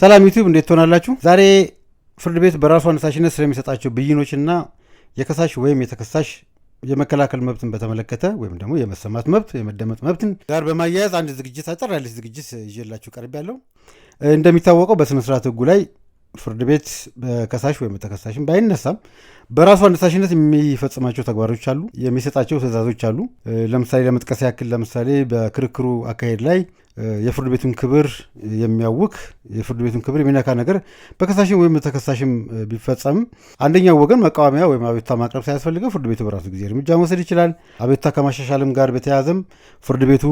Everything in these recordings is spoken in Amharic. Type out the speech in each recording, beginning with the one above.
ሰላም ዩቲዩብ እንዴት ትሆናላችሁ? ዛሬ ፍርድ ቤት በራሱ አነሳሽነት ስለሚሰጣቸው ብይኖችና የከሳሽ ወይም የተከሳሽ የመከላከል መብትን በተመለከተ ወይም ደግሞ የመሰማት መብት የመደመጥ መብትን ጋር በማያያዝ አንድ ዝግጅት አጠር ያለች ዝግጅት ይዤላችሁ ቀርብ ያለው እንደሚታወቀው በስነስርዓት ህጉ ላይ ፍርድ ቤት ከሳሽ ወይም ተከሳሽን ባይነሳም በራሱ አነሳሽነት የሚፈጽማቸው ተግባሮች አሉ፣ የሚሰጣቸው ትእዛዞች አሉ። ለምሳሌ ለመጥቀስ ያክል ለምሳሌ በክርክሩ አካሄድ ላይ የፍርድ ቤቱን ክብር የሚያውክ የፍርድ ቤቱን ክብር የሚነካ ነገር በከሳሽም ወይም ተከሳሽም ቢፈጸም አንደኛው ወገን መቃወሚያ ወይም አቤቱታ ማቅረብ ሳያስፈልገው ፍርድ ቤቱ በራሱ ጊዜ እርምጃ መውሰድ ይችላል። አቤቱታ ከማሻሻልም ጋር በተያያዘም ፍርድ ቤቱ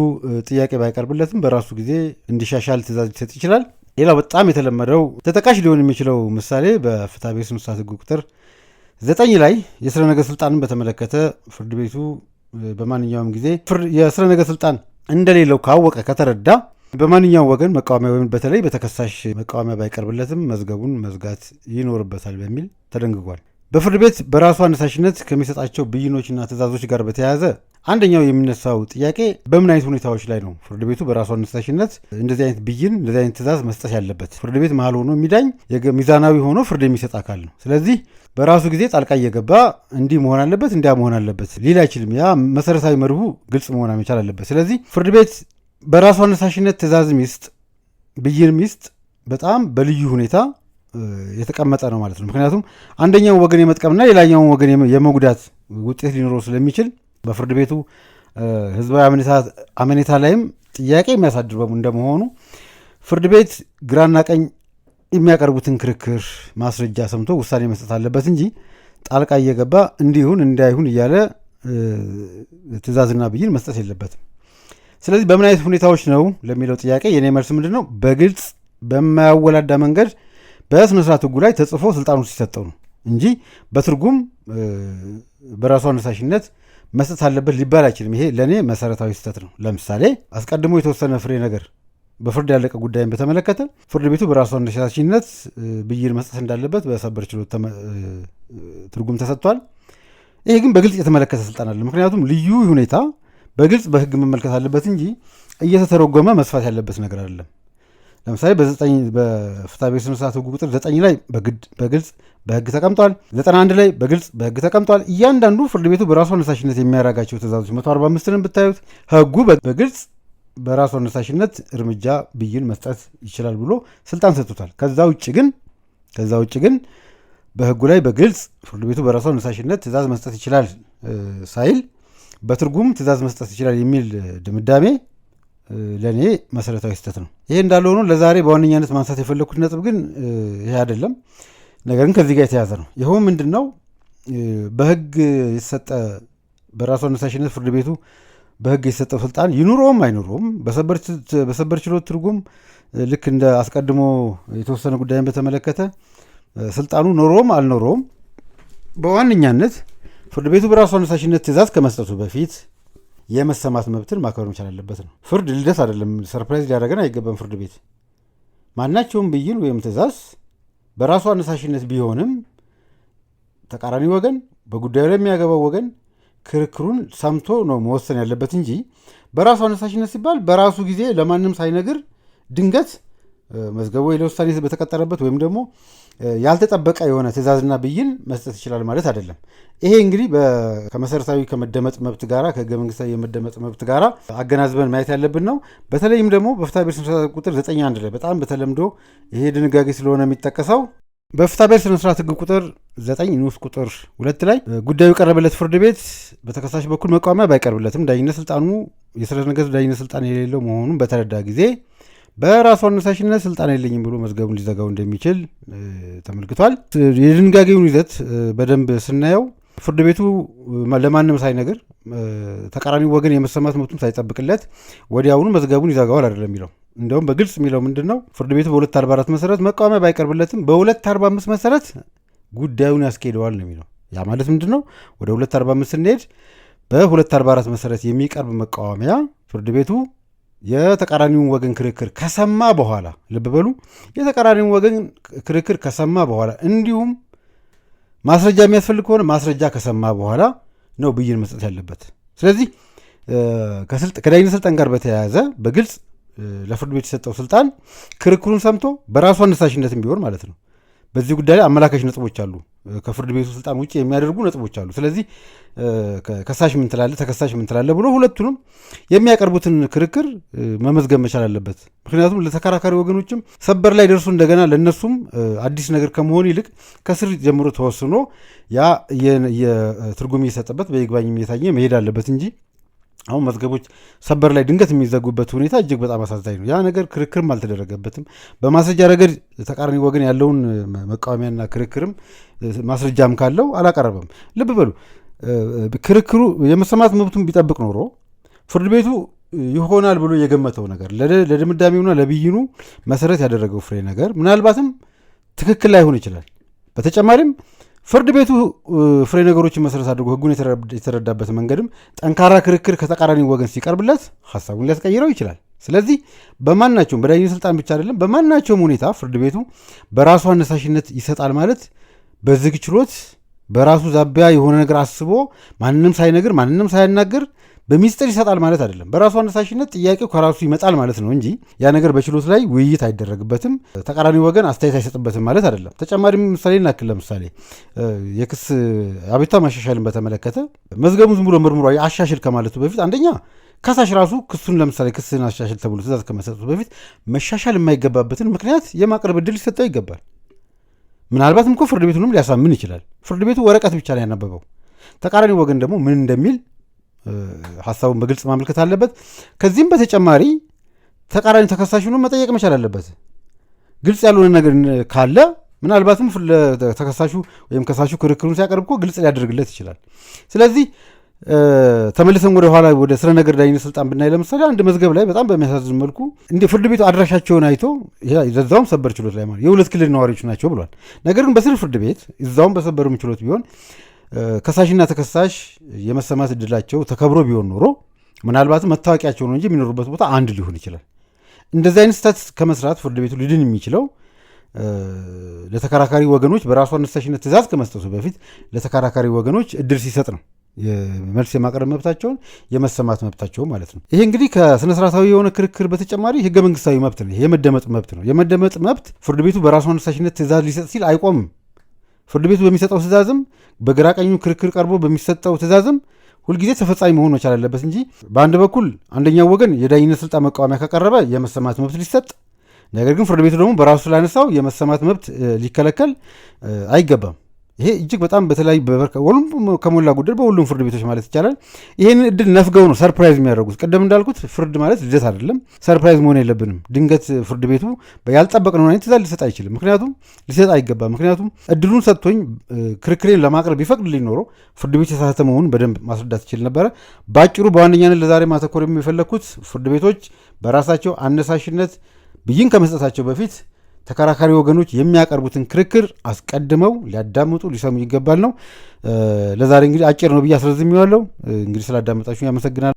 ጥያቄ ባይቀርብለትም በራሱ ጊዜ እንዲሻሻል ትእዛዝ ሊሰጥ ይችላል። ሌላው በጣም የተለመደው ተጠቃሽ ሊሆን የሚችለው ምሳሌ በፍትሐ ብሔር ስነ ስርዓት ህግ ቁጥር ዘጠኝ ላይ የስረ ነገ ስልጣንን በተመለከተ ፍርድ ቤቱ በማንኛውም ጊዜ የስረ ነገ ስልጣን እንደሌለው ካወቀ ከተረዳ በማንኛውም ወገን መቃወሚያ ወይም በተለይ በተከሳሽ መቃወሚያ ባይቀርብለትም መዝገቡን መዝጋት ይኖርበታል በሚል ተደንግጓል። በፍርድ ቤት በራሱ አነሳሽነት ከሚሰጣቸው ብይኖችና ትእዛዞች ጋር በተያያዘ አንደኛው የሚነሳው ጥያቄ በምን አይነት ሁኔታዎች ላይ ነው ፍርድ ቤቱ በራሱ አነሳሽነት እንደዚህ አይነት ብይን እንደዚህ አይነት ትእዛዝ መስጠት ያለበት? ፍርድ ቤት መሀል ሆኖ የሚዳኝ ሚዛናዊ ሆኖ ፍርድ የሚሰጥ አካል ነው። ስለዚህ በራሱ ጊዜ ጣልቃ እየገባ እንዲህ መሆን አለበት እንዲያ መሆን አለበት ሊል አይችልም። ያ መሰረታዊ መርሁ ግልጽ መሆን መቻል አለበት። ስለዚህ ፍርድ ቤት በራሱ አነሳሽነት ትእዛዝ ሚስጥ ብይን ሚስጥ በጣም በልዩ ሁኔታ የተቀመጠ ነው ማለት ነው። ምክንያቱም አንደኛው ወገን የመጥቀምና ሌላኛውን ወገን የመጉዳት ውጤት ሊኖረው ስለሚችል በፍርድ ቤቱ ህዝባዊ አመኔታ ላይም ጥያቄ የሚያሳድር እንደመሆኑ ፍርድ ቤት ግራና ቀኝ የሚያቀርቡትን ክርክር ማስረጃ ሰምቶ ውሳኔ መስጠት አለበት እንጂ ጣልቃ እየገባ እንዲሁን እንዳይሁን እያለ ትእዛዝና ብይን መስጠት የለበትም። ስለዚህ በምን አይነት ሁኔታዎች ነው ለሚለው ጥያቄ የኔ መልስ ምንድን ነው? በግልጽ በማያወላዳ መንገድ በስነ ስርዓት ህጉ ላይ ተጽፎ ስልጣኑ ሲሰጠው ነው እንጂ በትርጉም በራሱ አነሳሽነት መስጠት አለበት ሊባል አይችልም። ይሄ ለእኔ መሰረታዊ ስህተት ነው። ለምሳሌ አስቀድሞ የተወሰነ ፍሬ ነገር በፍርድ ያለቀ ጉዳይን በተመለከተ ፍርድ ቤቱ በራሱ አነሳሽነት ብይን መስጠት እንዳለበት በሰበር ችሎት ትርጉም ተሰጥቷል። ይሄ ግን በግልጽ የተመለከተ ስልጣን አለ። ምክንያቱም ልዩ ሁኔታ በግልጽ በህግ መመልከት አለበት እንጂ እየተተረጎመ መስፋት ያለበት ነገር አይደለም። ለምሳሌ በዘጠኝ በፍትሐ ብሔር ህጉ ቁጥር ዘጠኝ ላይ በግልጽ በህግ ተቀምጧል። ዘጠና አንድ ላይ በግልጽ በህግ ተቀምጧል። እያንዳንዱ ፍርድ ቤቱ በራሱ አነሳሽነት የሚያደርጋቸው ትእዛዞች መቶ አርባ አምስትንም ብታዩት ህጉ በግልጽ በራሱ አነሳሽነት እርምጃ ብይን መስጠት ይችላል ብሎ ስልጣን ሰጥቶታል። ከዛ ውጭ ግን ከዛ ውጭ ግን በህጉ ላይ በግልጽ ፍርድ ቤቱ በራሱ አነሳሽነት ትእዛዝ መስጠት ይችላል ሳይል በትርጉም ትእዛዝ መስጠት ይችላል የሚል ድምዳሜ ለእኔ መሰረታዊ ስህተት ነው። ይሄ እንዳለ ሆኖ ለዛሬ በዋነኛነት ማንሳት የፈለግኩት ነጥብ ግን ይሄ አይደለም፣ ነገር ግን ከዚህ ጋር የተያዘ ነው። ይኸው ምንድን ነው በህግ የተሰጠ በራሱ አነሳሽነት ፍርድ ቤቱ በህግ የተሰጠው ስልጣን ይኑረውም አይኑረውም በሰበር ችሎት ትርጉም ልክ እንደ አስቀድሞ የተወሰነ ጉዳይን በተመለከተ ስልጣኑ ኖሮም አልኖረውም በዋነኛነት ፍርድ ቤቱ በራሱ አነሳሽነት ትእዛዝ ከመስጠቱ በፊት የመሰማት መብትን ማክበር መቻል አለበት ነው። ፍርድ ልደት አይደለም። ሰርፕራይዝ ሊያደርገን አይገባም። ፍርድ ቤት ማናቸውም ብይን ወይም ትዕዛዝ በራሱ አነሳሽነት ቢሆንም ተቃራኒ ወገን፣ በጉዳዩ ላይ የሚያገባው ወገን ክርክሩን ሰምቶ ነው መወሰን ያለበት እንጂ በራሱ አነሳሽነት ሲባል በራሱ ጊዜ ለማንም ሳይነግር ድንገት መዝገቡ ለውሳኔ በተቀጠረበት ወይም ደግሞ ያልተጠበቀ የሆነ ትዕዛዝና ብይን መስጠት ይችላል ማለት አይደለም። ይሄ እንግዲህ ከመሰረታዊ ከመደመጥ መብት ጋራ ከህገ መንግስታዊ የመደመጥ መብት ጋራ አገናዝበን ማየት ያለብን ነው። በተለይም ደግሞ ቤር ስነስርዓት ቁጥር አንድ ላይ በጣም በተለምዶ ይሄ ድንጋጌ ስለሆነ የሚጠቀሰው በፍትሐብሔር ስነስርዓት ህግ ቁጥር 9 ንዑስ ቁጥር ሁለት ላይ ጉዳዩ የቀረበለት ፍርድ ቤት በተከሳሽ በኩል መቃወሚያ ባይቀርብለትም ዳኝነት ስልጣኑ የስረ ዳኝነት ስልጣን የሌለው መሆኑን በተረዳ ጊዜ በራሱ አነሳሽነት ስልጣን የለኝም ብሎ መዝገቡን ሊዘጋው እንደሚችል ተመልክቷል። የድንጋጌውን ይዘት በደንብ ስናየው ፍርድ ቤቱ ለማንም ሳይነግር ተቃራኒ ወገን የመሰማት መብቱም ሳይጠብቅለት ወዲያውኑ መዝገቡን ይዘጋዋል አይደለም የሚለው እንዲሁም በግልጽ የሚለው ምንድን ነው? ፍርድ ቤቱ በ244 መሰረት መቃወሚያ ባይቀርብለትም በ245 መሰረት ጉዳዩን ያስኬደዋል ነው የሚለው። ያ ማለት ምንድን ነው? ወደ 245 ስንሄድ በ244 መሰረት የሚቀርብ መቃወሚያ ፍርድ ቤቱ የተቃራኒውን ወገን ክርክር ከሰማ በኋላ ልብ በሉ፣ የተቃራኒውን ወገን ክርክር ከሰማ በኋላ እንዲሁም ማስረጃ የሚያስፈልግ ከሆነ ማስረጃ ከሰማ በኋላ ነው ብይን መስጠት ያለበት። ስለዚህ ከዳኝነት ስልጣን ጋር በተያያዘ በግልጽ ለፍርድ ቤት የሰጠው ስልጣን ክርክሩን ሰምቶ በራሱ አነሳሽነትም ቢሆን ማለት ነው። በዚህ ጉዳይ ላይ አመላካች ነጥቦች አሉ። ከፍርድ ቤቱ ስልጣን ውጭ የሚያደርጉ ነጥቦች አሉ። ስለዚህ ከሳሽ ምን ትላለ፣ ተከሳሽ ምን ትላለ ብሎ ሁለቱንም የሚያቀርቡትን ክርክር መመዝገብ መቻል አለበት። ምክንያቱም ለተከራካሪ ወገኖችም ሰበር ላይ ደርሶ እንደገና ለእነሱም አዲስ ነገር ከመሆን ይልቅ ከስር ጀምሮ ተወስኖ ያ የትርጉም እየሰጠበት በይግባኝ እየታየ መሄድ አለበት እንጂ አሁን መዝገቦች ሰበር ላይ ድንገት የሚዘጉበት ሁኔታ እጅግ በጣም አሳዛኝ ነው። ያ ነገር ክርክርም አልተደረገበትም። በማስረጃ ረገድ ተቃራኒ ወገን ያለውን መቃወሚያና ክርክርም ማስረጃም ካለው አላቀረበም። ልብ በሉ ክርክሩ የመሰማት መብቱን ቢጠብቅ ኖሮ ፍርድ ቤቱ ይሆናል ብሎ የገመተው ነገር ለድምዳሜውና ለብይኑ መሰረት ያደረገው ፍሬ ነገር ምናልባትም ትክክል ላይሆን ይችላል። በተጨማሪም ፍርድ ቤቱ ፍሬ ነገሮችን መሰረት አድርጎ ህጉን የተረዳበት መንገድም ጠንካራ ክርክር ከተቃራኒ ወገን ሲቀርብለት ሀሳቡን ሊያስቀይረው ይችላል። ስለዚህ በማናቸውም በዳኝ ስልጣን ብቻ አይደለም፣ በማናቸውም ሁኔታ ፍርድ ቤቱ በራሱ አነሳሽነት ይሰጣል ማለት በዝግ ችሎት በራሱ ዛቢያ የሆነ ነገር አስቦ ማንም ሳይነግር ማንም ሳያናግር በሚስጥር ይሰጣል ማለት አይደለም። በራሱ አነሳሽነት ጥያቄው ከራሱ ይመጣል ማለት ነው እንጂ ያ ነገር በችሎት ላይ ውይይት አይደረግበትም፣ ተቃራኒ ወገን አስተያየት አይሰጥበትም ማለት አይደለም። ተጨማሪ ምሳሌ እናክል። ለምሳሌ የክስ አቤቱታ ማሻሻልን በተመለከተ መዝገቡ ዝም ብሎ መርምሮ አሻሽል ከማለቱ በፊት አንደኛ ከሳሽ ራሱ ክሱን ለምሳሌ ክስን አሻሽል ተብሎ ትእዛዝ ከመሰጠቱ በፊት መሻሻል የማይገባበትን ምክንያት የማቅረብ እድል ሊሰጠው ይገባል። ምናልባትም እኮ ፍርድ ቤቱንም ሊያሳምን ይችላል። ፍርድ ቤቱ ወረቀት ብቻ ላይ ያነበበው ተቃራኒ ወገን ደግሞ ምን እንደሚል ሀሳቡን በግልጽ ማመልከት አለበት። ከዚህም በተጨማሪ ተቃራኒ ተከሳሽ ሆኖ መጠየቅ መቻል አለበት። ግልጽ ያልሆነ ነገር ካለ ምናልባትም ተከሳሹ ወይም ከሳሹ ክርክሩን ሲያቀርብ እኮ ግልጽ ሊያደርግለት ይችላል። ስለዚህ ተመልሰን ወደ ኋላ ወደ ስለ ነገር ዳኝነት ስልጣን ብናይ ለምሳሌ አንድ መዝገብ ላይ በጣም በሚያሳዝን መልኩ እንደ ፍርድ ቤቱ አድራሻቸውን አይቶ ዘዛውም ሰበር ችሎት ላይ ማለት የሁለት ክልል ነዋሪዎች ናቸው ብሏል። ነገር ግን በስር ፍርድ ቤት እዛውም በሰበሩም ችሎት ቢሆን ከሳሽና ተከሳሽ የመሰማት እድላቸው ተከብሮ ቢሆን ኖሮ ምናልባትም መታወቂያቸው ነው እንጂ የሚኖሩበት ቦታ አንድ ሊሆን ይችላል። እንደዚህ አይነት ስህተት ከመስራት ፍርድ ቤቱ ሊድን የሚችለው ለተከራካሪ ወገኖች በራሱ አነሳሽነት ትእዛዝ ከመስጠቱ በፊት ለተከራካሪ ወገኖች እድል ሲሰጥ ነው። መልስ የማቅረብ መብታቸውን የመሰማት መብታቸው ማለት ነው። ይሄ እንግዲህ ከስነስርዓታዊ የሆነ ክርክር በተጨማሪ ህገ መንግስታዊ መብት ነው። የመደመጥ መብት ነው። የመደመጥ መብት ፍርድ ቤቱ በራሱ አነሳሽነት ትእዛዝ ሊሰጥ ሲል አይቆምም። ፍርድ ቤቱ በሚሰጠው ትእዛዝም በግራ ቀኙ ክርክር ቀርቦ በሚሰጠው ትእዛዝም ሁልጊዜ ተፈጻሚ መሆን መቻል አለበት እንጂ በአንድ በኩል አንደኛው ወገን የዳኝነት ስልጣን መቃወሚያ ካቀረበ የመሰማት መብት ሊሰጥ፣ ነገር ግን ፍርድ ቤቱ ደግሞ በራሱ ስላነሳው የመሰማት መብት ሊከለከል አይገባም። ይሄ እጅግ በጣም በተለያዩ ከሞላ ጎደል በሁሉም ፍርድ ቤቶች ማለት ይቻላል ይህንን እድል ነፍገው ነው ሰርፕራይዝ የሚያደርጉት። ቅድም እንዳልኩት ፍርድ ማለት ልደት አይደለም። ሰርፕራይዝ መሆን የለብንም። ድንገት ፍርድ ቤቱ ያልጠበቅነውን አይነት ትዕዛዝ ሊሰጥ አይችልም። ምክንያቱም ሊሰጥ አይገባም። ምክንያቱም እድሉን ሰጥቶኝ ክርክሬን ለማቅረብ ቢፈቅድ ሊኖረው ፍርድ ቤት የተሳሳተ መሆኑን በደንብ ማስረዳት ይችል ነበረ። በአጭሩ በዋነኛነት ለዛሬ ማተኮር የሚፈለግኩት ፍርድ ቤቶች በራሳቸው አነሳሽነት ብይን ከመስጠታቸው በፊት ተከራካሪ ወገኖች የሚያቀርቡትን ክርክር አስቀድመው ሊያዳምጡ ሊሰሙ ይገባል ነው። ለዛሬ እንግዲህ አጭር ነው ብዬ አስረዝሜዋለሁ። እንግዲህ ስላዳመጣችሁ ያመሰግናል።